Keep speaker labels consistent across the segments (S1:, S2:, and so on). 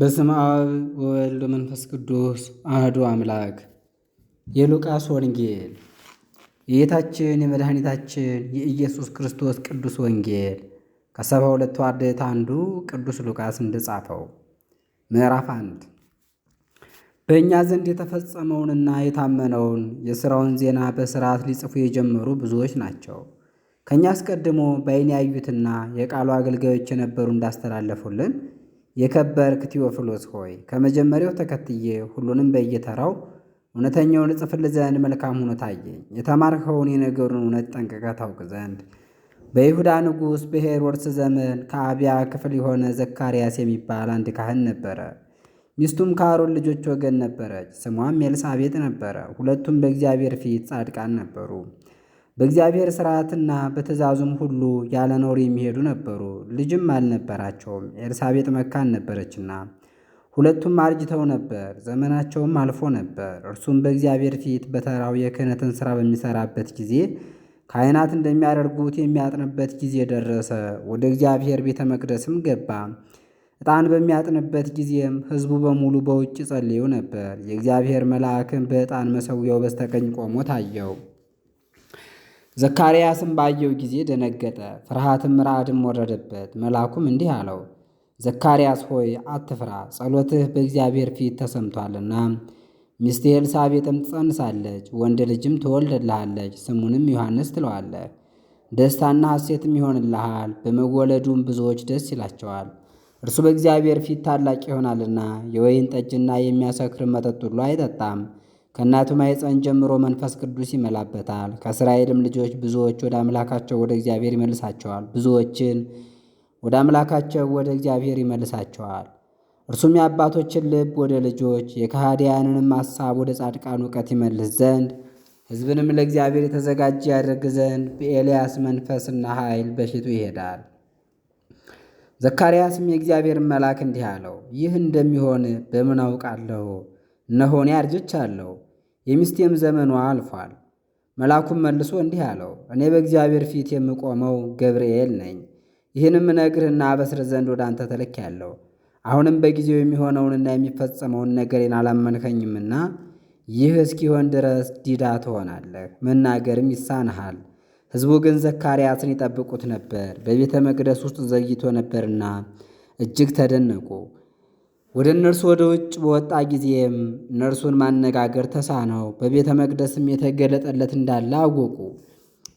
S1: በስም አብ ወወልድ ወመንፈስ ቅዱስ አህዱ አምላክ። የሉቃስ ወንጌል የጌታችን የመድኃኒታችን የኢየሱስ ክርስቶስ ቅዱስ ወንጌል ከሰባ ሁለቱ አርድእት አንዱ ቅዱስ ሉቃስ እንደጻፈው ምዕራፍ አንድ በእኛ ዘንድ የተፈጸመውንና የታመነውን የሥራውን ዜና በሥርዓት ሊጽፉ የጀመሩ ብዙዎች ናቸው። ከእኛ አስቀድሞ በዓይን ያዩትና የቃሉ አገልጋዮች የነበሩ እንዳስተላለፉልን የከበርክ ቴዎፍሎስ ሆይ ከመጀመሪያው ተከትዬ ሁሉንም በየተራው እውነተኛውን እጽፍልህ ዘንድ መልካም ሆኖ ታየኝ። የተማርከውን የነገሩን እውነት ጠንቅቀህ ታውቅ ዘንድ በይሁዳ ንጉሥ በሄሮድስ ዘመን ከአብያ ክፍል የሆነ ዘካርያስ የሚባል አንድ ካህን ነበረ። ሚስቱም ከአሮን ልጆች ወገን ነበረች። ስሟም ኤልሳቤጥ ነበረ። ሁለቱም በእግዚአብሔር ፊት ጻድቃን ነበሩ። በእግዚአብሔር ስርዓትና በትእዛዙም ሁሉ ያለ ነውር የሚሄዱ ነበሩ። ልጅም አልነበራቸውም፣ ኤልሳቤጥ መካን ነበረችና። ሁለቱም አርጅተው ነበር፣ ዘመናቸውም አልፎ ነበር። እርሱም በእግዚአብሔር ፊት በተራው የክህነትን ሥራ በሚሠራበት ጊዜ ካህናት እንደሚያደርጉት የሚያጥንበት ጊዜ ደረሰ። ወደ እግዚአብሔር ቤተ መቅደስም ገባ። ዕጣን በሚያጥንበት ጊዜም ሕዝቡ በሙሉ በውጭ ጸልዩ ነበር። የእግዚአብሔር መልአክም በዕጣን መሠዊያው በስተቀኝ ቆሞ ታየው። ዘካርያስም ባየው ጊዜ ደነገጠ፣ ፍርሃትም ራድም ወረደበት። መልአኩም እንዲህ አለው፣ ዘካርያስ ሆይ አትፍራ፣ ጸሎትህ በእግዚአብሔር ፊት ተሰምቷልና ሚስት ኤልሳቤጥም ትጸንሳለች፣ ወንድ ልጅም ትወልድልሃለች፣ ስሙንም ዮሐንስ ትለዋለህ። ደስታና ሐሴትም ይሆንልሃል፣ በመወለዱም ብዙዎች ደስ ይላቸዋል። እርሱ በእግዚአብሔር ፊት ታላቅ ይሆናልና የወይን ጠጅና የሚያሰክር መጠጥ ሁሉ አይጠጣም። ከእናቱ ማኅፀን ጀምሮ መንፈስ ቅዱስ ይመላበታል። ከእስራኤልም ልጆች ብዙዎች ወደ አምላካቸው ወደ እግዚአብሔር ይመልሳቸዋል። ብዙዎችን ወደ አምላካቸው ወደ እግዚአብሔር ይመልሳቸዋል። እርሱም የአባቶችን ልብ ወደ ልጆች የካህዲያንንም ሐሳብ ወደ ጻድቃን እውቀት ይመልስ ዘንድ ሕዝብንም ለእግዚአብሔር የተዘጋጀ ያደርግ ዘንድ በኤልያስ መንፈስና ኃይል በፊቱ ይሄዳል። ዘካርያስም የእግዚአብሔርን መልአክ እንዲህ አለው፣ ይህ እንደሚሆን በምን አውቃለሁ? እነሆ እኔ አርጅቻለሁ፣ የሚስቴም ዘመኗ አልፏል። መልአኩም መልሶ እንዲህ አለው፣ እኔ በእግዚአብሔር ፊት የምቆመው ገብርኤል ነኝ። ይህንም እነግርህና አበስር ዘንድ ወደ አንተ ተልኬአለሁ። አሁንም በጊዜው የሚሆነውንና የሚፈጸመውን ነገሬን አላመንከኝምና ይህ እስኪሆን ድረስ ዲዳ ትሆናለህ፣ መናገርም ይሳንሃል። ሕዝቡ ግን ዘካርያስን ይጠብቁት ነበር፣ በቤተ መቅደስ ውስጥ ዘግይቶ ነበርና እጅግ ተደነቁ። ወደ እነርሱ ወደ ውጭ በወጣ ጊዜም እነርሱን ማነጋገር ተሳነው። በቤተ መቅደስም የተገለጠለት እንዳለ አወቁ።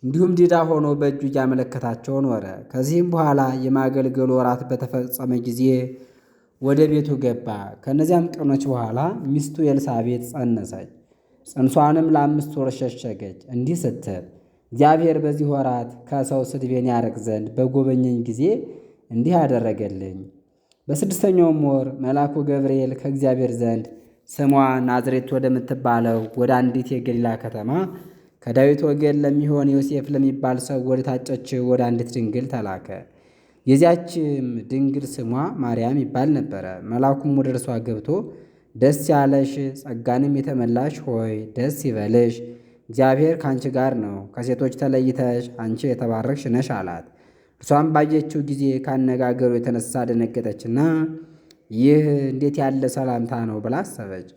S1: እንዲሁም ዲዳ ሆኖ በእጁ እያመለከታቸው ኖረ። ከዚህም በኋላ የማገልገሉ ወራት በተፈጸመ ጊዜ ወደ ቤቱ ገባ። ከእነዚያም ቀኖች በኋላ ሚስቱ ኤልሳቤጥ ጸነሰች። ጽንሷንም ለአምስት ወር ሸሸገች፣ እንዲህ ስትል እግዚአብሔር በዚህ ወራት ከሰው ስድቤን ያርቅ ዘንድ በጎበኘኝ ጊዜ እንዲህ አደረገልኝ። በስድስተኛውም ወር መልአኩ ገብርኤል ከእግዚአብሔር ዘንድ ስሟ ናዝሬት ወደምትባለው ወደ አንዲት የገሊላ ከተማ ከዳዊት ወገን ለሚሆን ዮሴፍ ለሚባል ሰው ወደ ታጨች ወደ አንዲት ድንግል ተላከ። የዚያችም ድንግል ስሟ ማርያም ይባል ነበረ። መልአኩም ወደ እርሷ ገብቶ ደስ ያለሽ ጸጋንም የተመላሽ ሆይ ደስ ይበልሽ፣ እግዚአብሔር ከአንቺ ጋር ነው፣ ከሴቶች ተለይተሽ አንቺ የተባረክሽ ነሽ አላት። እርሷም ባየችው ጊዜ ካነጋገሩ የተነሳ ደነገጠችና ይህ እንዴት ያለ ሰላምታ ነው ብላ አሰበች።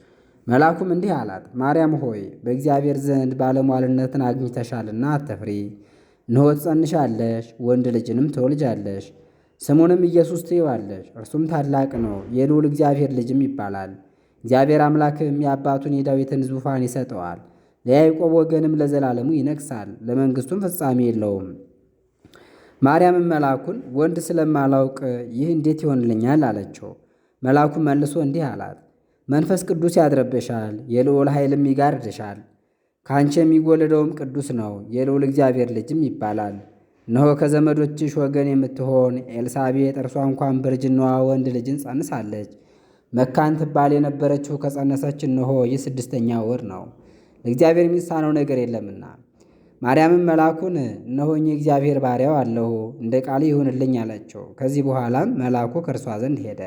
S1: መልአኩም እንዲህ አላት፣ ማርያም ሆይ በእግዚአብሔር ዘንድ ባለሟልነትን አግኝተሻልና አትፍሪ። እነሆ ትጸንሻለሽ፣ ወንድ ልጅንም ትወልጃለሽ፣ ስሙንም ኢየሱስ ትይዋለሽ። እርሱም ታላቅ ነው፣ የልዑል እግዚአብሔር ልጅም ይባላል። እግዚአብሔር አምላክም የአባቱን የዳዊትን ዙፋን ይሰጠዋል፣ ለያዕቆብ ወገንም ለዘላለሙ ይነግሣል፣ ለመንግሥቱም ፍጻሜ የለውም። ማርያምን መልአኩን ወንድ ስለማላውቅ ይህ እንዴት ይሆንልኛል? አለችው። መልአኩ መልሶ እንዲህ አላት፣ መንፈስ ቅዱስ ያድረብሻል፣ የልዑል ኃይልም ይጋርድሻል። ከአንቺ የሚወለደውም ቅዱስ ነው፣ የልዑል እግዚአብሔር ልጅም ይባላል። እነሆ ከዘመዶችሽ ወገን የምትሆን ኤልሳቤጥ እርሷ እንኳን በእርጅናዋ ወንድ ልጅን ጸንሳለች። መካን ትባል የነበረችው ከጸነሰች እነሆ ይህ ስድስተኛ ወር ነው፣ ለእግዚአብሔር የሚሳነው ነገር የለምና ማርያምም መልአኩን እነሆኝ የእግዚአብሔር ባሪያው አለሁ እንደ ቃል ይሁንልኝ አላቸው። ከዚህ በኋላም መልአኩ ከእርሷ ዘንድ ሄደ።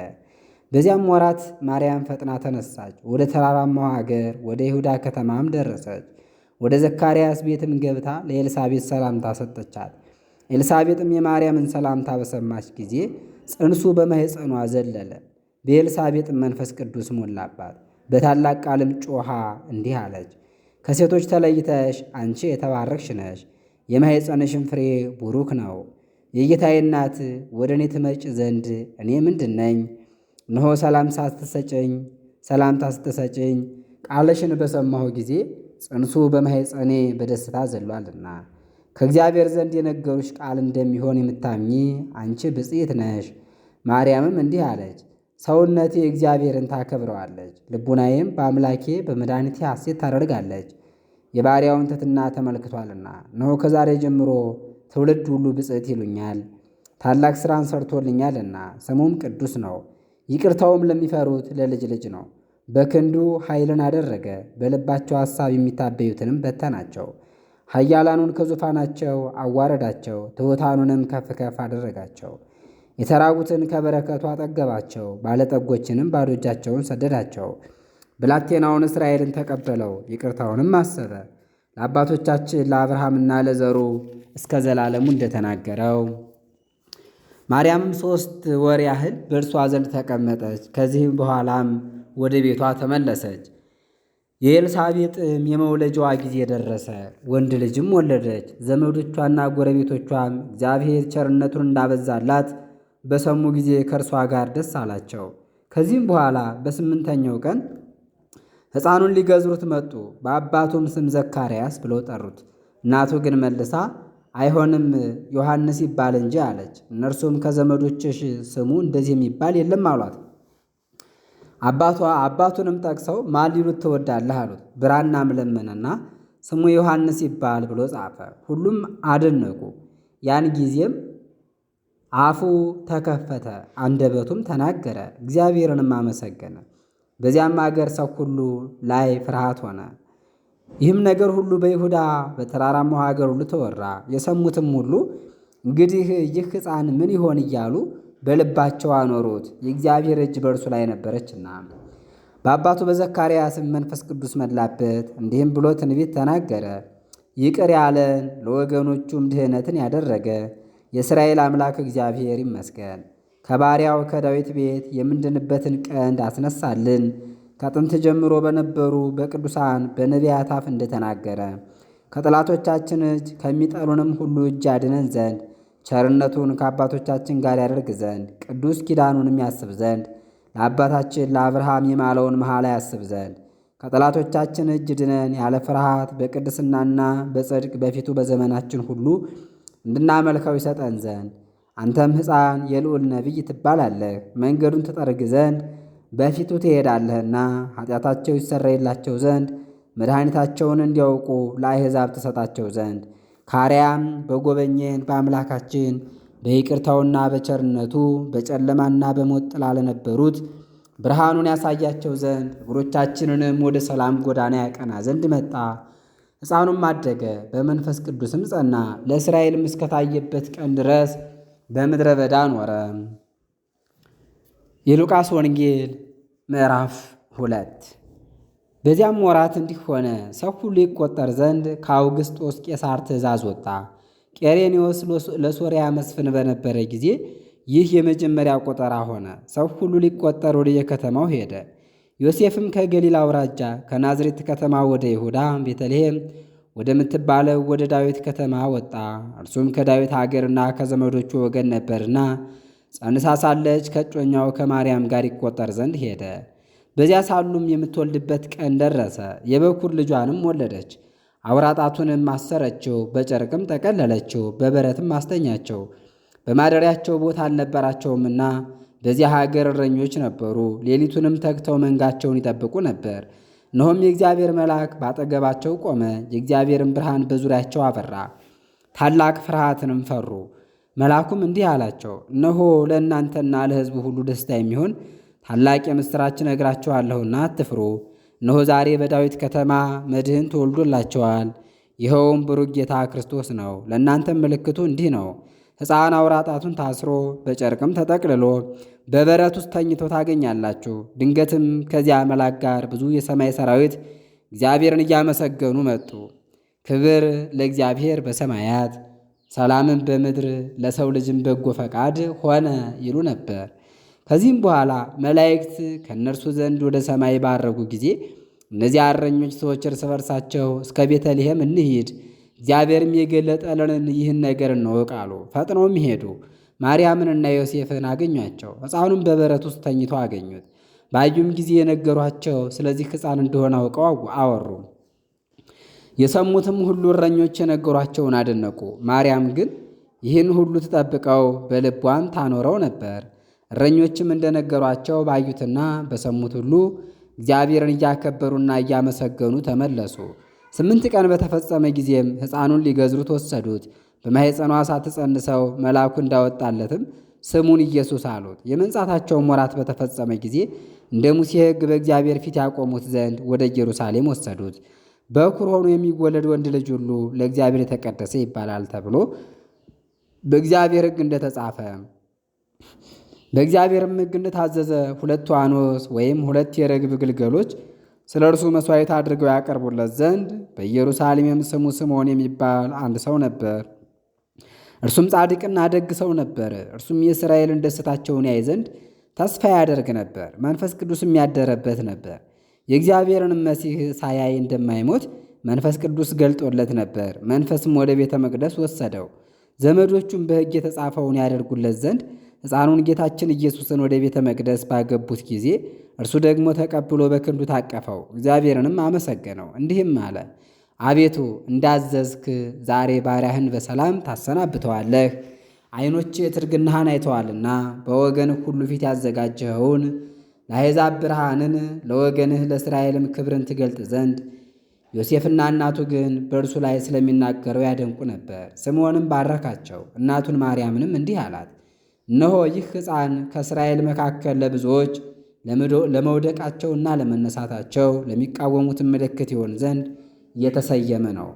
S1: በዚያም ወራት ማርያም ፈጥና ተነሳች፣ ወደ ተራራማው አገር ወደ ይሁዳ ከተማም ደረሰች። ወደ ዘካርያስ ቤትም ገብታ ለኤልሳቤጥ ሰላምታ ሰጠቻት። ኤልሳቤጥም የማርያምን ሰላምታ በሰማች ጊዜ ጽንሱ በማኅፀኗ ዘለለ። በኤልሳቤጥም መንፈስ ቅዱስ ሞላባት። በታላቅ ቃልም ጮሃ እንዲህ አለች ከሴቶች ተለይተሽ አንቺ የተባረክሽ ነሽ፣ የማኅፀንሽም ፍሬ ቡሩክ ነው። የጌታዬ እናት ወደ እኔ ትመጭ ዘንድ እኔ ምንድን ነኝ? እነሆ ሰላም ሳትሰጭኝ ሰላምታ ስትሰጭኝ ቃለሽን በሰማሁ ጊዜ ጽንሱ በማኅፀኔ በደስታ ዘሏልና ከእግዚአብሔር ዘንድ የነገሩሽ ቃል እንደሚሆን የምታምኚ አንቺ ብፅዕት ነሽ። ማርያምም እንዲህ አለች ሰውነቴ እግዚአብሔርን ታከብረዋለች፣ ልቡናዬም በአምላኬ በመድኃኒቴ ሐሴት ታደርጋለች። የባሪያውን ትትና ተመልክቷልና እነሆ ከዛሬ ጀምሮ ትውልድ ሁሉ ብፅዕት ይሉኛል። ታላቅ ሥራን ሰርቶልኛልና ስሙም ቅዱስ ነው። ይቅርታውም ለሚፈሩት ለልጅ ልጅ ነው። በክንዱ ኃይልን አደረገ፣ በልባቸው ሐሳብ የሚታበዩትንም በተናቸው። ኃያላኑን ከዙፋናቸው አዋረዳቸው፣ ትሑታኑንም ከፍ ከፍ አደረጋቸው። የተራቡትን ከበረከቱ አጠገባቸው፣ ባለጠጎችንም ባዶ እጃቸውን ሰደዳቸው። ብላቴናውን እስራኤልን ተቀበለው፣ ይቅርታውንም አሰበ። ለአባቶቻችን ለአብርሃምና ለዘሩ እስከ ዘላለሙ እንደተናገረው። ማርያም ሦስት ወር ያህል በእርሷ ዘንድ ተቀመጠች። ከዚህም በኋላም ወደ ቤቷ ተመለሰች። የኤልሳቤጥም የመውለጃዋ ጊዜ ደረሰ። ወንድ ልጅም ወለደች። ዘመዶቿና ጎረቤቶቿም እግዚአብሔር ቸርነቱን እንዳበዛላት በሰሙ ጊዜ ከእርሷ ጋር ደስ አላቸው። ከዚህም በኋላ በስምንተኛው ቀን ሕፃኑን ሊገዝሩት መጡ። በአባቱም ስም ዘካርያስ ብለው ጠሩት። እናቱ ግን መልሳ አይሆንም ዮሐንስ ይባል እንጂ አለች። እነርሱም ከዘመዶችሽ ስሙ እንደዚህ የሚባል የለም አሏት። አባቷ አባቱንም ጠቅሰው ማን ሊሉት ትወዳለህ አሉት። ብራናም ለመነና ስሙ ዮሐንስ ይባል ብሎ ጻፈ። ሁሉም አደነቁ። ያን ጊዜም አፉ ተከፈተ፣ አንደበቱም ተናገረ፣ እግዚአብሔርንም አመሰገነ። በዚያም አገር ሰው ሁሉ ላይ ፍርሃት ሆነ። ይህም ነገር ሁሉ በይሁዳ በተራራማው ሀገር ሁሉ ተወራ። የሰሙትም ሁሉ እንግዲህ ይህ ሕፃን ምን ይሆን እያሉ በልባቸው አኖሩት፣ የእግዚአብሔር እጅ በእርሱ ላይ ነበረችና። በአባቱ በዘካርያስም መንፈስ ቅዱስ መላበት፣ እንዲህም ብሎ ትንቢት ተናገረ። ይቅር ያለን ለወገኖቹም ድህነትን ያደረገ የእስራኤል አምላክ እግዚአብሔር ይመስገን። ከባሪያው ከዳዊት ቤት የምንድንበትን ቀንድ አስነሳልን። ከጥንት ጀምሮ በነበሩ በቅዱሳን በነቢያት አፍ እንደተናገረ ከጠላቶቻችን እጅ ከሚጠሉንም ሁሉ እጅ ያድነን ዘንድ ቸርነቱን ከአባቶቻችን ጋር ያደርግ ዘንድ ቅዱስ ኪዳኑንም ያስብ ዘንድ ለአባታችን ለአብርሃም የማለውን መሐላ ያስብ ዘንድ ከጠላቶቻችን እጅ ድነን ያለ ፍርሃት በቅድስናና በጽድቅ በፊቱ በዘመናችን ሁሉ እንድናመልከው ይሰጠን ዘንድ አንተም ሕፃን የልዑል ነቢይ ትባላለህ፣ መንገዱን ትጠርግ ዘንድ በፊቱ ትሄዳለህና ኃጢአታቸው ይሰረይላቸው ዘንድ መድኃኒታቸውን እንዲያውቁ ለአሕዛብ ትሰጣቸው ዘንድ ካሪያም በጎበኘን በአምላካችን በይቅርታውና በቸርነቱ በጨለማና በሞት ጥላ ለነበሩት ብርሃኑን ያሳያቸው ዘንድ እግሮቻችንንም ወደ ሰላም ጎዳና ያቀና ዘንድ መጣ። ሕፃኑም አደገ፣ በመንፈስ ቅዱስም ጸና፣ ለእስራኤልም እስከታየበት ቀን ድረስ በምድረ በዳ ኖረ። የሉቃስ ወንጌል ምዕራፍ ሁለት በዚያም ወራት እንዲህ ሆነ፣ ሰው ሁሉ ይቆጠር ዘንድ ከአውግስጦስ ቄሳር ትእዛዝ ወጣ። ቄሬኔዎስ ለሶርያ መስፍን በነበረ ጊዜ ይህ የመጀመሪያ ቆጠራ ሆነ። ሰው ሁሉ ሊቆጠር ወደየከተማው ሄደ። ዮሴፍም ከገሊላ አውራጃ ከናዝሬት ከተማ ወደ ይሁዳ ቤተልሔም ወደምትባለው ወደ ዳዊት ከተማ ወጣ። እርሱም ከዳዊት አገርና ከዘመዶቹ ወገን ነበርና ጸንሳ ሳለች ከእጮኛው ከማርያም ጋር ይቆጠር ዘንድ ሄደ። በዚያ ሳሉም የምትወልድበት ቀን ደረሰ። የበኩር ልጇንም ወለደች። አውራጣቱንም አሰረችው፣ በጨርቅም ጠቀለለችው፣ በበረትም አስተኛቸው። በማደሪያቸው ቦታ አልነበራቸውምና በዚያ ሀገር እረኞች ነበሩ። ሌሊቱንም ተግተው መንጋቸውን ይጠብቁ ነበር። እነሆም የእግዚአብሔር መልአክ ባጠገባቸው ቆመ፣ የእግዚአብሔርን ብርሃን በዙሪያቸው አበራ። ታላቅ ፍርሃትንም ፈሩ። መልአኩም እንዲህ አላቸው፣ እነሆ ለእናንተና ለሕዝቡ ሁሉ ደስታ የሚሆን ታላቅ የምሥራች እነግራችኋለሁና አትፍሩ። እነሆ ዛሬ በዳዊት ከተማ መድህን ተወልዶላቸዋል። ይኸውም ብሩክ ጌታ ክርስቶስ ነው። ለእናንተም ምልክቱ እንዲህ ነው ሕፃን አውራ ጣቱን ታስሮ በጨርቅም ተጠቅልሎ በበረት ውስጥ ተኝቶ ታገኛላችሁ። ድንገትም ከዚያ መልአክ ጋር ብዙ የሰማይ ሰራዊት እግዚአብሔርን እያመሰገኑ መጡ። ክብር ለእግዚአብሔር በሰማያት ሰላምን በምድር ለሰው ልጅም በጎ ፈቃድ ሆነ ይሉ ነበር። ከዚህም በኋላ መላእክት ከእነርሱ ዘንድ ወደ ሰማይ ባረጉ ጊዜ እነዚያ እረኞች ሰዎች እርስ በርሳቸው እስከ ቤተልሔም እንሂድ እግዚአብሔርም የገለጠልን ይህን ነገር እንወቅ አሉ። ፈጥነውም ሄዱ፣ ማርያምንና ዮሴፍን አገኟቸው። ሕፃኑን በበረት ውስጥ ተኝቶ አገኙት። ባዩም ጊዜ የነገሯቸው ስለዚህ ሕፃን እንደሆነ አውቀው አወሩ። የሰሙትም ሁሉ እረኞች የነገሯቸውን አደነቁ። ማርያም ግን ይህን ሁሉ ትጠብቀው በልቧም ታኖረው ነበር። እረኞችም እንደነገሯቸው ባዩትና በሰሙት ሁሉ እግዚአብሔርን እያከበሩና እያመሰገኑ ተመለሱ። ስምንት ቀን በተፈጸመ ጊዜም ሕፃኑን ሊገዝሩት ወሰዱት። በማኅፀኗ ሳትጸንሰው መልአኩ እንዳወጣለትም ስሙን ኢየሱስ አሉት። የመንጻታቸውን ወራት በተፈጸመ ጊዜ እንደ ሙሴ ሕግ በእግዚአብሔር ፊት ያቆሙት ዘንድ ወደ ኢየሩሳሌም ወሰዱት። በኩር ሆኖ የሚወለድ ወንድ ልጅ ሁሉ ለእግዚአብሔር የተቀደሰ ይባላል ተብሎ በእግዚአብሔር ሕግ እንደተጻፈ በእግዚአብሔርም ሕግ እንደታዘዘ ሁለት ዋኖስ ወይም ሁለት የርግብ ግልገሎች ስለ እርሱ መሥዋዕት አድርገው ያቀርቡለት ዘንድ በኢየሩሳሌምም ስሙ ስምዖን የሚባል አንድ ሰው ነበር። እርሱም ጻድቅና ደግ ሰው ነበር። እርሱም የእስራኤልን ደስታቸውን ያይ ዘንድ ተስፋ ያደርግ ነበር። መንፈስ ቅዱስም ያደረበት ነበር። የእግዚአብሔርን መሲህ ሳያይ እንደማይሞት መንፈስ ቅዱስ ገልጦለት ነበር። መንፈስም ወደ ቤተ መቅደስ ወሰደው። ዘመዶቹም በሕግ የተጻፈውን ያደርጉለት ዘንድ ሕፃኑን ጌታችን ኢየሱስን ወደ ቤተ መቅደስ ባገቡት ጊዜ እርሱ ደግሞ ተቀብሎ በክንዱ ታቀፈው፣ እግዚአብሔርንም አመሰገነው። እንዲህም አለ አቤቱ እንዳዘዝክ ዛሬ ባሪያህን በሰላም ታሰናብተዋለህ። አይኖች የትርግናህን አይተዋልና በወገንህ ሁሉ ፊት ያዘጋጀኸውን ለአሕዛብ ብርሃንን ለወገንህ ለእስራኤልም ክብርን ትገልጥ ዘንድ ዮሴፍና እናቱ ግን በእርሱ ላይ ስለሚናገረው ያደንቁ ነበር። ስምዖንም ባረካቸው፣ እናቱን ማርያምንም እንዲህ አላት፣ እነሆ ይህ ሕፃን ከእስራኤል መካከል ለብዙዎች ለመውደቃቸውና ለመነሳታቸው ለሚቃወሙትን ምልክት ይሆን ዘንድ የተሰየመ ነው።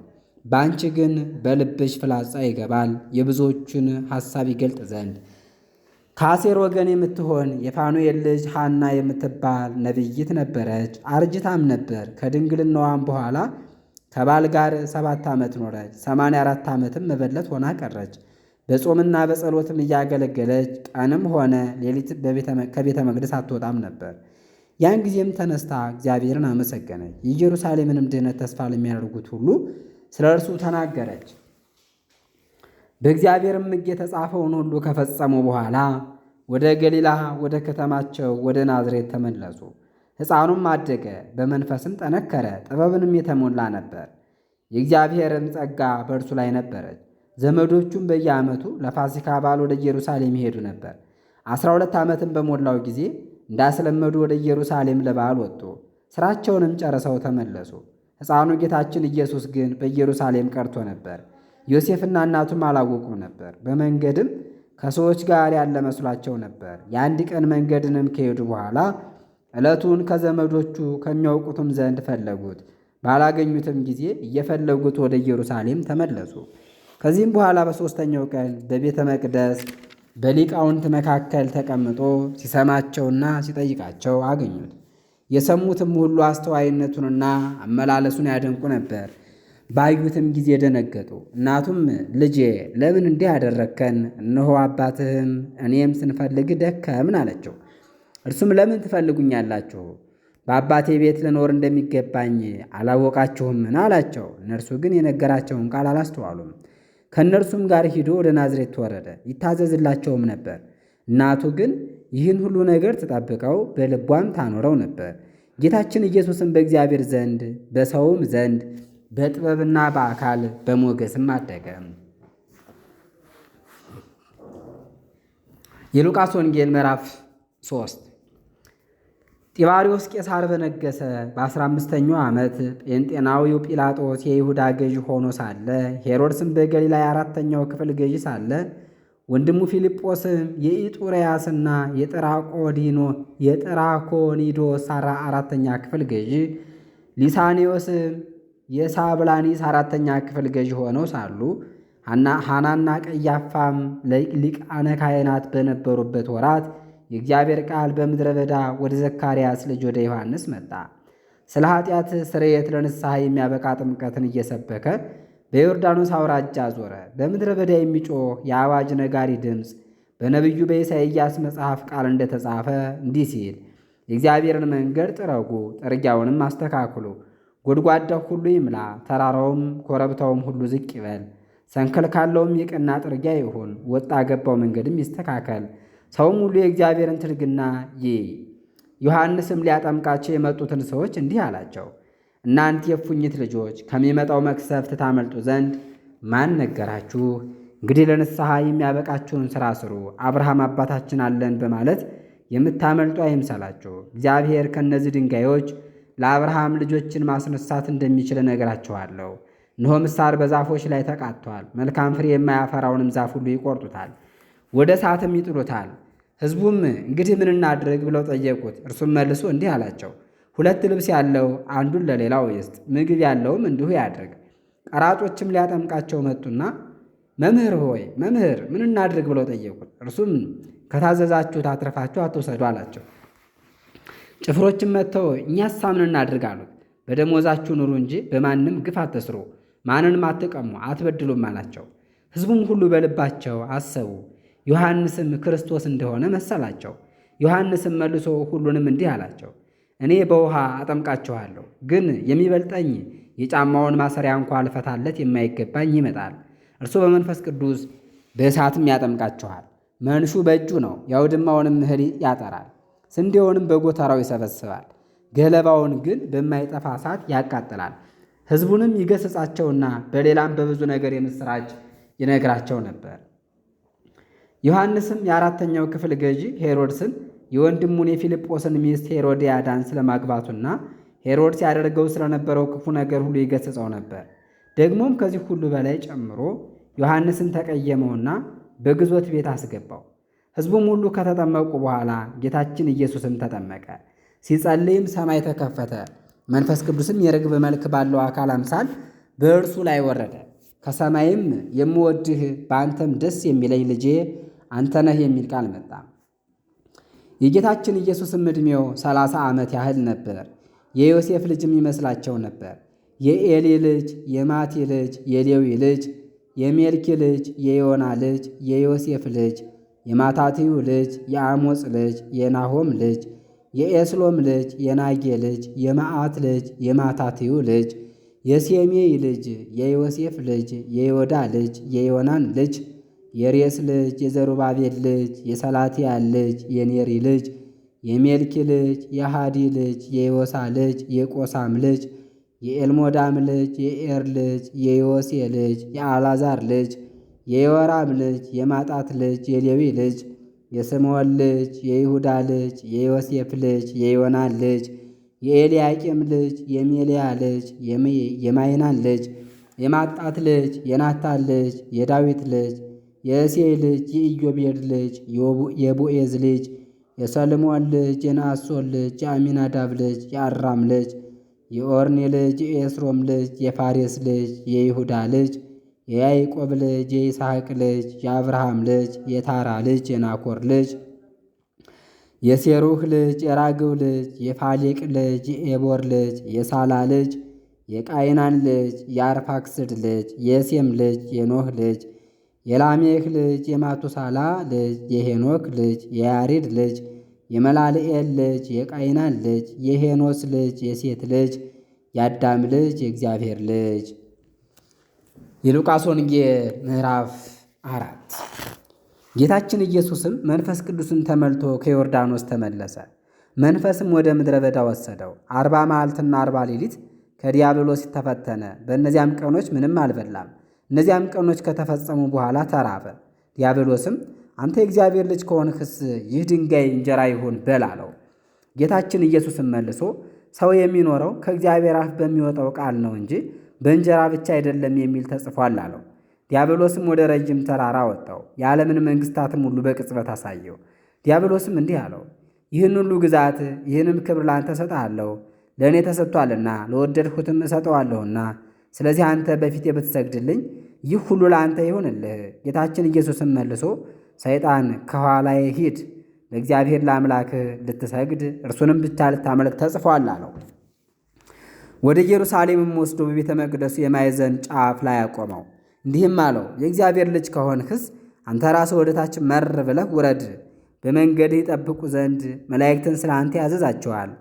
S1: በአንቺ ግን በልብሽ ፍላጻ ይገባል፣ የብዙዎቹን ሐሳብ ይገልጥ ዘንድ ከአሴር ወገን የምትሆን የፋኑኤል ልጅ ሐና የምትባል ነቢይት ነበረች። አርጅታም ነበር። ከድንግልናዋም በኋላ ከባል ጋር ሰባት ዓመት ኖረች። ሰማንያ አራት ዓመትም መበለት ሆና ቀረች። በጾምና በጸሎትም እያገለገለች ቀንም ሆነ ሌሊት ከቤተ መቅደስ አትወጣም ነበር። ያን ጊዜም ተነስታ እግዚአብሔርን አመሰገነች። የኢየሩሳሌምንም ድህነት ተስፋ ለሚያደርጉት ሁሉ ስለ እርሱ ተናገረች። በእግዚአብሔርም ሕግ የተጻፈውን ሁሉ ከፈጸሙ በኋላ ወደ ገሊላ ወደ ከተማቸው ወደ ናዝሬት ተመለሱ። ሕፃኑም አደገ፣ በመንፈስም ጠነከረ፣ ጥበብንም የተሞላ ነበር። የእግዚአብሔርም ጸጋ በእርሱ ላይ ነበረች። ዘመዶቹም በየዓመቱ ለፋሲካ በዓል ወደ ኢየሩሳሌም ይሄዱ ነበር። ዐሥራ ሁለት ዓመትም በሞላው ጊዜ እንዳስለመዱ ወደ ኢየሩሳሌም ለበዓል ወጡ። ሥራቸውንም ጨርሰው ተመለሱ። ሕፃኑ ጌታችን ኢየሱስ ግን በኢየሩሳሌም ቀርቶ ነበር። ዮሴፍና እናቱም አላወቁም ነበር። በመንገድም ከሰዎች ጋር ያለ መስሏቸው ነበር። የአንድ ቀን መንገድንም ከሄዱ በኋላ ዕለቱን ከዘመዶቹ ከሚያውቁትም ዘንድ ፈለጉት። ባላገኙትም ጊዜ እየፈለጉት ወደ ኢየሩሳሌም ተመለሱ። ከዚህም በኋላ በሦስተኛው ቀን በቤተ መቅደስ በሊቃውንት መካከል ተቀምጦ ሲሰማቸውና ሲጠይቃቸው አገኙት። የሰሙትም ሁሉ አስተዋይነቱንና አመላለሱን ያደንቁ ነበር። ባዩትም ጊዜ ደነገጡ። እናቱም ልጄ ለምን እንዲህ አደረግከን? እነሆ አባትህም እኔም ስንፈልግ ደከምን አለችው። እርሱም ለምን ትፈልጉኛላችሁ? በአባቴ ቤት ልኖር እንደሚገባኝ አላወቃችሁምን? አላቸው። እነርሱ ግን የነገራቸውን ቃል አላስተዋሉም። ከእነርሱም ጋር ሂዶ ወደ ናዝሬት ተወረደ፣ ይታዘዝላቸውም ነበር። እናቱ ግን ይህን ሁሉ ነገር ትጠብቀው በልቧም ታኖረው ነበር። ጌታችን ኢየሱስም በእግዚአብሔር ዘንድ በሰውም ዘንድ በጥበብና በአካል በሞገስም አደገ። የሉቃስ ወንጌል ምዕራፍ 3 ጢባሪዎስ ቄሳር በነገሰ በ15ኛው ዓመት ጴንጤናዊው ጲላጦስ የይሁዳ ገዢ ሆኖ ሳለ ሄሮድስም በገሊላ የአራተኛው ክፍል ገዢ ሳለ ወንድሙ ፊልጶስም የኢጡርያስና የጠራቆዲኖ የጠራኮኒዶስ አራተኛ ክፍል ገዢ ሊሳኔዎስም የሳብላኒስ አራተኛ ክፍል ገዢ ሆነው ሳሉ ሐናና ቀያፋም ሊቃነ ካህናት በነበሩበት ወራት የእግዚአብሔር ቃል በምድረ በዳ ወደ ዘካርያስ ልጅ ወደ ዮሐንስ መጣ። ስለ ኃጢአት ስርየት ለንስሐ የሚያበቃ ጥምቀትን እየሰበከ በዮርዳኖስ አውራጃ ዞረ። በምድረ በዳ የሚጮህ የአዋጅ ነጋሪ ድምፅ በነቢዩ በኢሳይያስ መጽሐፍ ቃል እንደተጻፈ እንዲህ ሲል የእግዚአብሔርን መንገድ ጥረጉ፣ ጥርጊያውንም አስተካክሉ፣ ጎድጓዳው ሁሉ ይምላ፣ ተራራውም ኮረብታውም ሁሉ ዝቅ ይበል፣ ሰንከል ካለውም የቀና ጥርጊያ ይሁን፣ ወጣ ገባው መንገድም ይስተካከል ሰውም ሁሉ የእግዚአብሔርን ትርግና ይ ዮሐንስም ሊያጠምቃቸው የመጡትን ሰዎች እንዲህ አላቸው፣ እናንት የእፉኝት ልጆች ከሚመጣው መቅሰፍት ታመልጡ ዘንድ ማን ነገራችሁ? እንግዲህ ለንስሐ የሚያበቃችሁን ሥራ ስሩ። አብርሃም አባታችን አለን በማለት የምታመልጡ አይምሰላችሁ። እግዚአብሔር ከእነዚህ ድንጋዮች ለአብርሃም ልጆችን ማስነሳት እንደሚችል እነግራችኋለሁ። እነሆ ምሳር በዛፎች ላይ ተቃጥቷል። መልካም ፍሬ የማያፈራውንም ዛፍ ሁሉ ይቆርጡታል ወደ እሳትም ይጥሉታል። ሕዝቡም እንግዲህ ምን እናድርግ ብለው ጠየቁት። እርሱም መልሶ እንዲህ አላቸው፣ ሁለት ልብስ ያለው አንዱን ለሌላው ይስጥ፣ ምግብ ያለውም እንዲሁ ያድርግ። ቀራጮችም ሊያጠምቃቸው መጡና መምህር ሆይ መምህር ምን እናድርግ ብለው ጠየቁት። እርሱም ከታዘዛችሁት አትርፋችሁ አትውሰዱ አላቸው። ጭፍሮችም መጥተው እኛሳ ምን እናድርግ አሉት። በደሞዛችሁ ኑሩ እንጂ በማንም ግፍ አትስሩ፣ ማንንም አትቀሙ፣ አትበድሉም አላቸው። ሕዝቡም ሁሉ በልባቸው አሰቡ። ዮሐንስም ክርስቶስ እንደሆነ መሰላቸው። ዮሐንስም መልሶ ሁሉንም እንዲህ አላቸው፣ እኔ በውሃ አጠምቃችኋለሁ፣ ግን የሚበልጠኝ የጫማውን ማሰሪያ እንኳ ልፈታለት የማይገባኝ ይመጣል። እርሱ በመንፈስ ቅዱስ በእሳትም ያጠምቃችኋል። መንሹ በእጁ ነው፣ የአውድማውንም እህል ያጠራል፣ ስንዴውንም በጎተራው ይሰበስባል። ገለባውን ግን በማይጠፋ እሳት ያቃጥላል። ሕዝቡንም ይገሥጻቸውና በሌላም በብዙ ነገር የምሥራች ይነግራቸው ነበር። ዮሐንስም የአራተኛው ክፍል ገዢ ሄሮድስን የወንድሙን የፊልጶስን ሚስት ሄሮድያዳን ስለማግባቱና ሄሮድስ ያደርገው ስለነበረው ክፉ ነገር ሁሉ ይገሥጸው ነበር። ደግሞም ከዚህ ሁሉ በላይ ጨምሮ ዮሐንስን ተቀየመውና በግዞት ቤት አስገባው። ሕዝቡም ሁሉ ከተጠመቁ በኋላ ጌታችን ኢየሱስም ተጠመቀ። ሲጸልይም ሰማይ ተከፈተ፣ መንፈስ ቅዱስም የርግብ መልክ ባለው አካል አምሳል በእርሱ ላይ ወረደ። ከሰማይም የምወድህ በአንተም ደስ የሚለኝ ልጄ አንተ ነህ የሚል ቃል መጣ። የጌታችን ኢየሱስም ዕድሜው ሰላሳ ዓመት ያህል ነበር። የዮሴፍ ልጅም ይመስላቸው ነበር። የኤሊ ልጅ፣ የማቲ ልጅ፣ የሌዊ ልጅ፣ የሜልኪ ልጅ፣ የዮና ልጅ፣ የዮሴፍ ልጅ፣ የማታትዩ ልጅ፣ የአሞጽ ልጅ፣ የናሆም ልጅ፣ የኤስሎም ልጅ፣ የናጌ ልጅ፣ የማዓት ልጅ፣ የማታትዩ ልጅ፣ የሴሜይ ልጅ፣ የዮሴፍ ልጅ፣ የዮዳ ልጅ፣ የዮናን ልጅ የሬስ ልጅ የዘሩባቤል ልጅ የሰላትያል ልጅ የኔሪ ልጅ የሜልኪ ልጅ የሃዲ ልጅ የዮሳ ልጅ የቆሳም ልጅ የኤልሞዳም ልጅ የኤር ልጅ የዮሴ ልጅ የአላዛር ልጅ የዮራም ልጅ የማጣት ልጅ የሌዊ ልጅ የስምዖን ልጅ የይሁዳ ልጅ የዮሴፍ ልጅ የዮናን ልጅ የኤልያቂም ልጅ የሜልያ ልጅ የማይናን ልጅ የማጣት ልጅ የናታን ልጅ የዳዊት ልጅ የእሴይ ልጅ የኢዮቤድ ልጅ የቦኤዝ ልጅ የሰልሞን ልጅ የናሶን ልጅ የአሚናዳብ ልጅ የአራም ልጅ የኦርኔ ልጅ የኤስሮም ልጅ የፋሬስ ልጅ የይሁዳ ልጅ የያይቆብ ልጅ የይስሐቅ ልጅ የአብርሃም ልጅ የታራ ልጅ የናኮር ልጅ የሴሩህ ልጅ የራግብ ልጅ የፋሌቅ ልጅ የኤቦር ልጅ የሳላ ልጅ የቃይናን ልጅ የአርፋክስድ ልጅ የሴም ልጅ የኖህ ልጅ የላሜህ ልጅ የማቱሳላ ልጅ የሄኖክ ልጅ የያሪድ ልጅ የመላልኤል ልጅ የቃይናን ልጅ የሄኖስ ልጅ የሴት ልጅ የአዳም ልጅ የእግዚአብሔር ልጅ። የሉቃስ ወንጌል ምዕራፍ አራት ጌታችን ኢየሱስም መንፈስ ቅዱስን ተመልቶ ከዮርዳኖስ ተመለሰ። መንፈስም ወደ ምድረ በዳ ወሰደው። አርባ መዓልትና አርባ ሌሊት ከዲያብሎስ ተፈተነ። በእነዚያም ቀኖች ምንም አልበላም። እነዚያም ቀኖች ከተፈጸሙ በኋላ ተራበ። ዲያብሎስም አንተ የእግዚአብሔር ልጅ ከሆንክስ ይህ ድንጋይ እንጀራ ይሁን በል አለው። ጌታችን ኢየሱስም መልሶ ሰው የሚኖረው ከእግዚአብሔር አፍ በሚወጣው ቃል ነው እንጂ በእንጀራ ብቻ አይደለም የሚል ተጽፏል አለው። ዲያብሎስም ወደ ረጅም ተራራ ወጣው፣ የዓለምን መንግሥታትም ሁሉ በቅጽበት አሳየው። ዲያብሎስም እንዲህ አለው፣ ይህን ሁሉ ግዛት ይህንም ክብር ላንተ እሰጥሃለሁ፣ ለእኔ ተሰጥቷልና፣ ለወደድሁትም እሰጠዋለሁና ስለዚህ አንተ በፊቴ ብትሰግድልኝ ይህ ሁሉ ለአንተ ይሁንልህ። ጌታችን ኢየሱስም መልሶ ሰይጣን ከኋላዬ ሂድ፣ ለእግዚአብሔር ለአምላክህ ልትሰግድ እርሱንም ብቻ ልታመልክ ተጽፏል አለው። ወደ ኢየሩሳሌምም ወስዶ በቤተ መቅደሱ የማዕዘን ጫፍ ላይ አቆመው። እንዲህም አለው፣ የእግዚአብሔር ልጅ ከሆንህስ አንተ ራስህ ወደ ታች መር ብለህ ውረድ። በመንገድህ ይጠብቁ ዘንድ መላእክትን ስለ አንተ ያዘዛቸዋል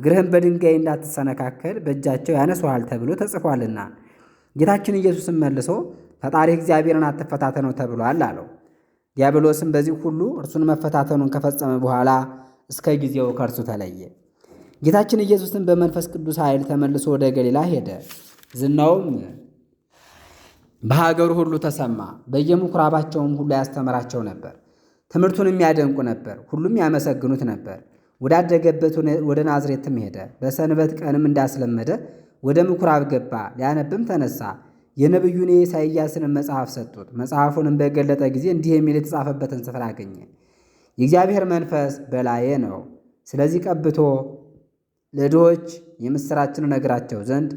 S1: እግርህን በድንጋይ እንዳትሰነካከል በእጃቸው ያነሱሃል ተብሎ ተጽፏልና። ጌታችን ኢየሱስም መልሶ ፈጣሪ እግዚአብሔርን አትፈታተነው ተብሏል አለው። ዲያብሎስም በዚህ ሁሉ እርሱን መፈታተኑን ከፈጸመ በኋላ እስከ ጊዜው ከእርሱ ተለየ። ጌታችን ኢየሱስም በመንፈስ ቅዱስ ኃይል ተመልሶ ወደ ገሊላ ሄደ። ዝናውም በሀገሩ ሁሉ ተሰማ። በየምኩራባቸውም ሁሉ ያስተምራቸው ነበር። ትምህርቱንም ያደንቁ ነበር፣ ሁሉም ያመሰግኑት ነበር። ወዳደገበት ወደ ናዝሬትም ሄደ። በሰንበት ቀንም እንዳስለመደ ወደ ምኩራብ ገባ፣ ሊያነብም ተነሳ። የነቢዩን የኢሳይያስንም መጽሐፍ ሰጡት። መጽሐፉንም በገለጠ ጊዜ እንዲህ የሚል የተጻፈበትን ስፍራ አገኘ። የእግዚአብሔር መንፈስ በላዬ ነው፣ ስለዚህ ቀብቶ ለድሆች የምሥራችን ነግራቸው ዘንድ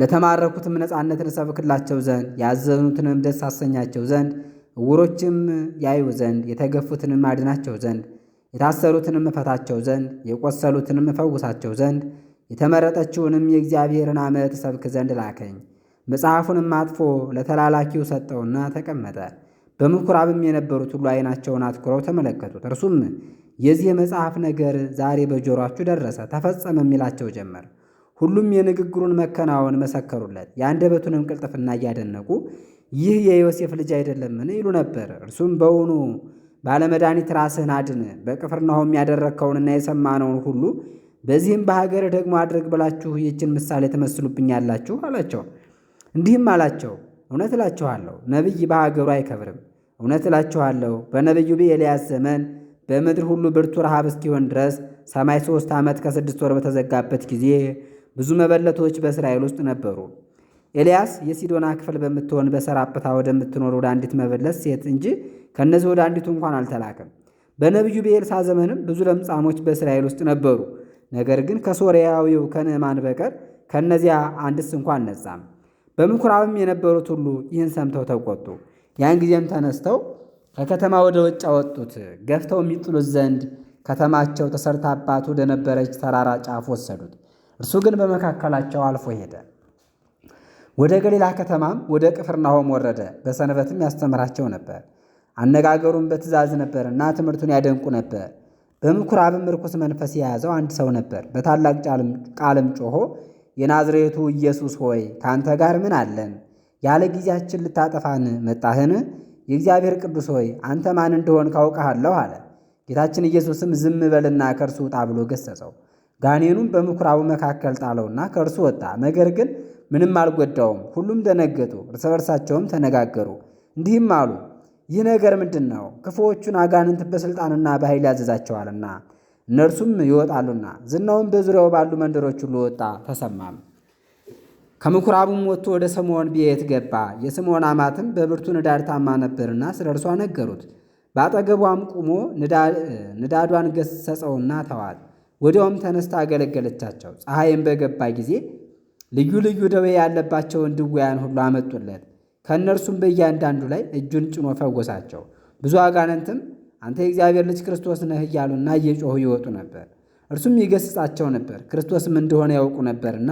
S1: ለተማረኩትም ነፃነትን እሰብክላቸው ዘንድ ያዘኑትንም ደስ አሰኛቸው ዘንድ እውሮችም ያዩ ዘንድ የተገፉትንም አድናቸው ዘንድ የታሰሩትንም እፈታቸው ዘንድ የቆሰሉትንም እፈውሳቸው ዘንድ የተመረጠችውንም የእግዚአብሔርን ዓመት ሰብክ ዘንድ ላከኝ። መጽሐፉንም አጥፎ ለተላላኪው ሰጠውና ተቀመጠ። በምኩራብም የነበሩት ሁሉ ዓይናቸውን አትኩረው ተመለከቱት። እርሱም የዚህ የመጽሐፍ ነገር ዛሬ በጆሯችሁ ደረሰ ተፈጸመ የሚላቸው ጀመር። ሁሉም የንግግሩን መከናወን መሰከሩለት፣ የአንደበቱንም ቅልጥፍና እያደነቁ ይህ የዮሴፍ ልጅ አይደለምን ይሉ ነበር። እርሱም በውኑ ባለመድኃኒት ራስህን አድን። በቅፍርናሆም ያደረግከውንና የሰማነውን ሁሉ በዚህም በሀገር ደግሞ አድርግ ብላችሁ ይችን ምሳሌ ትመስሉብኛላችሁ አላቸው። እንዲህም አላቸው፣ እውነት እላችኋለሁ ነቢይ በሀገሩ አይከብርም። እውነት እላችኋለሁ በነቢዩ በኤልያስ ዘመን በምድር ሁሉ ብርቱ ረሃብ እስኪሆን ድረስ ሰማይ ሦስት ዓመት ከስድስት ወር በተዘጋበት ጊዜ ብዙ መበለቶች በእስራኤል ውስጥ ነበሩ። ኤልያስ የሲዶና ክፍል በምትሆን በሰራጵታ ወደምትኖር ወደ አንዲት መበለት ሴት እንጂ ከእነዚህ ወደ አንዲቱ እንኳን አልተላከም። በነቢዩ በኤልሳ ዘመንም ብዙ ለምጻሞች በእስራኤል ውስጥ ነበሩ። ነገር ግን ከሶርያዊው ከንዕማን በቀር ከእነዚያ አንድስ እንኳ አልነጻም። በምኩራብም የነበሩት ሁሉ ይህን ሰምተው ተቆጡ። ያን ጊዜም ተነስተው ከከተማ ወደ ውጭ አወጡት። ገፍተው የሚጥሉት ዘንድ ከተማቸው ተሰርታባት ወደ ነበረች ተራራ ጫፍ ወሰዱት። እርሱ ግን በመካከላቸው አልፎ ሄደ። ወደ ገሊላ ከተማም ወደ ቅፍርናሆም ወረደ። በሰንበትም ያስተምራቸው ነበር። በትዛዝ በትእዛዝ እና ትምህርቱን ያደንቁ ነበር። በምኩራብም ርኩስ መንፈስ የያዘው አንድ ሰው ነበር። በታላቅ ቃልም ጮሆ የናዝሬቱ ኢየሱስ ሆይ ከአንተ ጋር ምን አለን? ያለ ጊዜያችን ልታጠፋን መጣህን? የእግዚአብሔር ቅዱስ ሆይ አንተ ማን እንደሆን ካውቀሃለሁ አለ። ጌታችን ኢየሱስም ዝም በልና ከእርሱ ውጣ ብሎ ገሰጸው። ጋኔኑም በምኩራቡ መካከል ጣለውና ከእርሱ ወጣ። ነገር ግን ምንም አልጎዳውም። ሁሉም ደነገጡ፣ እርስ በርሳቸውም ተነጋገሩ፣ እንዲህም አሉ ይህ ነገር ምንድን ነው? ክፉዎቹን አጋንንት በስልጣንና በኃይል ያዘዛቸዋልና እነርሱም ይወጣሉና። ዝናውም በዙሪያው ባሉ መንደሮች ሁሉ ወጣ ተሰማም። ከምኩራቡም ወጥቶ ወደ ስምዖን ቤት ገባ። የስምዖን አማትም በብርቱ ንዳድ ታማ ነበርና ስለ እርሷ ነገሩት። በአጠገቧም ቁሞ ንዳዷን ገሰጸውና ተዋል። ወዲያውም ተነስታ አገለገለቻቸው። ፀሐይም በገባ ጊዜ ልዩ ልዩ ደዌ ያለባቸውን ድውያን ሁሉ አመጡለት። ከእነርሱም በእያንዳንዱ ላይ እጁን ጭኖ ፈወሳቸው። ብዙ አጋንንትም አንተ የእግዚአብሔር ልጅ ክርስቶስ ነህ እያሉና እየጮሁ ይወጡ ነበር። እርሱም ይገስጻቸው ነበር፣ ክርስቶስም እንደሆነ ያውቁ ነበርና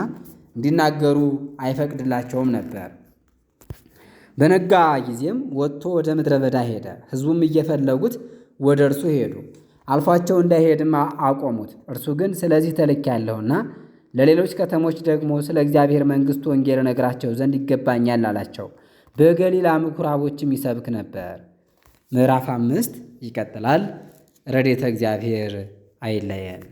S1: እንዲናገሩ አይፈቅድላቸውም ነበር። በነጋ ጊዜም ወጥቶ ወደ ምድረ በዳ ሄደ። ሕዝቡም እየፈለጉት ወደ እርሱ ሄዱ። አልፏቸው እንዳይሄድም አቆሙት። እርሱ ግን ስለዚህ ተልክ ያለውና ለሌሎች ከተሞች ደግሞ ስለ እግዚአብሔር መንግሥት ወንጌል ነግራቸው ዘንድ ይገባኛል አላቸው። በገሊላ ምኩራቦችም ይሰብክ ነበር። ምዕራፍ አምስት ይቀጥላል። ረድኤተ እግዚአብሔር አይለየን።